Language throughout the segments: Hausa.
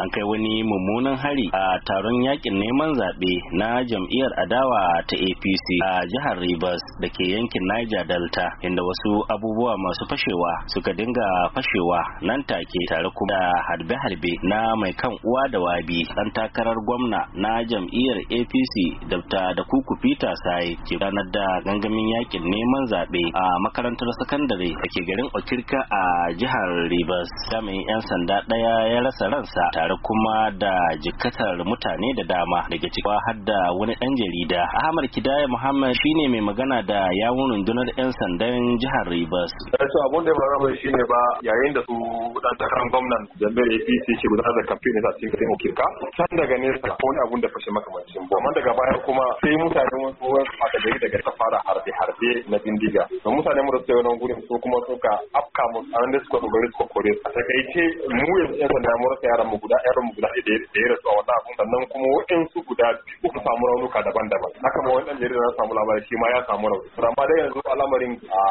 an kai wani mummunan hari a taron yakin neman zaɓe na jam'iyyar adawa ta apc a jihar rivers da ke yankin niger delta inda wasu abubuwa masu fashewa suka dinga fashewa nan take tare kuma da harbe-harbe na mai kan uwa da wabi ɗan takarar gwamna na jam'iyyar apc dabta da kuku peter sai ke ranar da gangamin yakin neman zaɓe a makarantar sakandare da ke garin okirka a jihar rivers jami'in 'yan sanda ɗaya ya rasa ransa tare tare kuma da jikatar mutane da dama daga cikin har da wani dan jarida ahmad kidaya muhammad shine mai magana da yawun rundunar 'yan sandan jihar rivers eh, to abun da faru shine ba yayin da su dan takarar gwamnan jami'ar apc ke gudanar da kamfe ne a cikin garin okirka can daga nesa ko wani abun da fashe makamancin ba man daga baya kuma sai mutane wasu wasu aka gari daga ta fara harbe-harbe na bindiga to mutane mu da suke wannan gurin ko kuma suka afka mu An da suka dogari kokore kore a takaice mu yanzu 'yan sanda mu rasa yaran mu guda yaron mu guda da ya rasu a wannan abun sannan kuma waɗansu guda biyu uku samu raunuka daban-daban haka ma wannan jarida na samu labarin shi ma ya samu rauni amma dai yanzu al'amarin a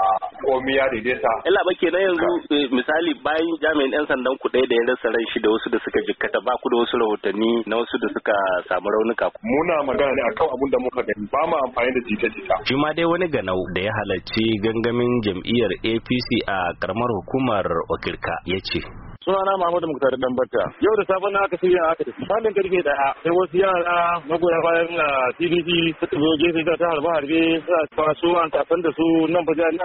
komi ya daidaita illa ba kenan yanzu eh, misali bayan jami'in ɗan sandan ku ɗaya da ya rasa ran shi da wasu da suka jikkata ba ku da wasu rahotanni na wasu da suka samu raunuka muna magana ne akan abun da muka gani ba mu amfani da jita-jita shi ma dai wani ganau da ya halarci gangamin jam'iyyar APC a karamar hukumar Okirka ya ce sunana Muhammadu Muktar dan Barka yau da safe na aka shirya aka tafi misalin karfe daya sai wasu yara magoya bayan TDC ah, suka zo gefe da ta harba harbe suna kwaso an tafan da su nan fa nan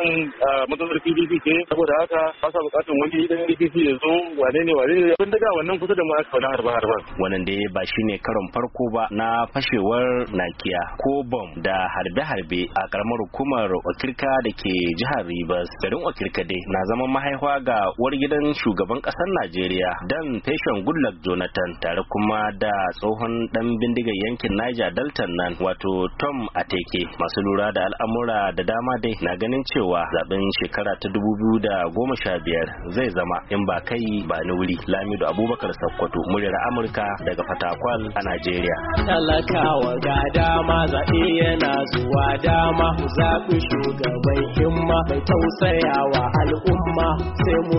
ah, matsalar TDC ce saboda haka ba sa bukatun wani idan TDC ya zo wane ne wane ne abin daga wannan kusa da mu aka faɗa harba harban wannan da ba shine karon farko ba na fashewar nakiya ko bom da harbe harbe a karamar hukumar Okirka da ke jihar Rivers garin Okirka dai na zama mahaifa ga uwar gidan shugaban kasa kasar Najeriya dan Fashion Goodluck Jonathan tare kuma da tsohon dan bindigar yankin Niger Delta nan wato Tom Ateke masu lura da al'amura da dama dai na ganin cewa zaben shekara ta 2015 zai zama in ba kai ba ni wuri Lamido Abubakar Sakkwato muryar Amurka daga Fatakwal a Najeriya. Talakawa ga dama zaɓe yana zuwa dama zaɓi shugaban himma mai tausayawa al'umma.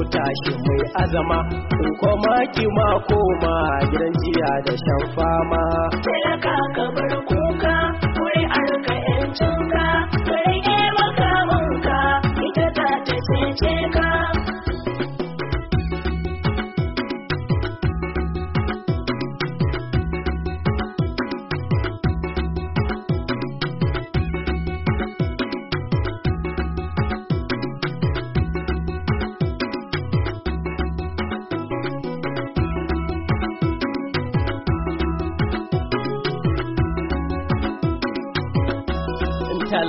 tashi mai azama in koma ki ma koma gidan jiya da shan fama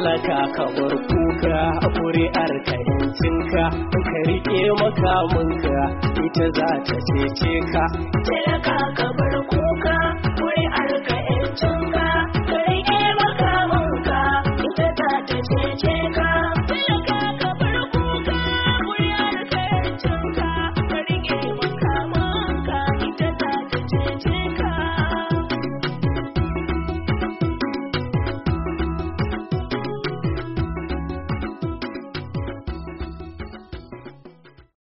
laka ka bar kuka ƙuri'ar ka yancinka ka riƙe ka ita za ta cece ka talaka ka bar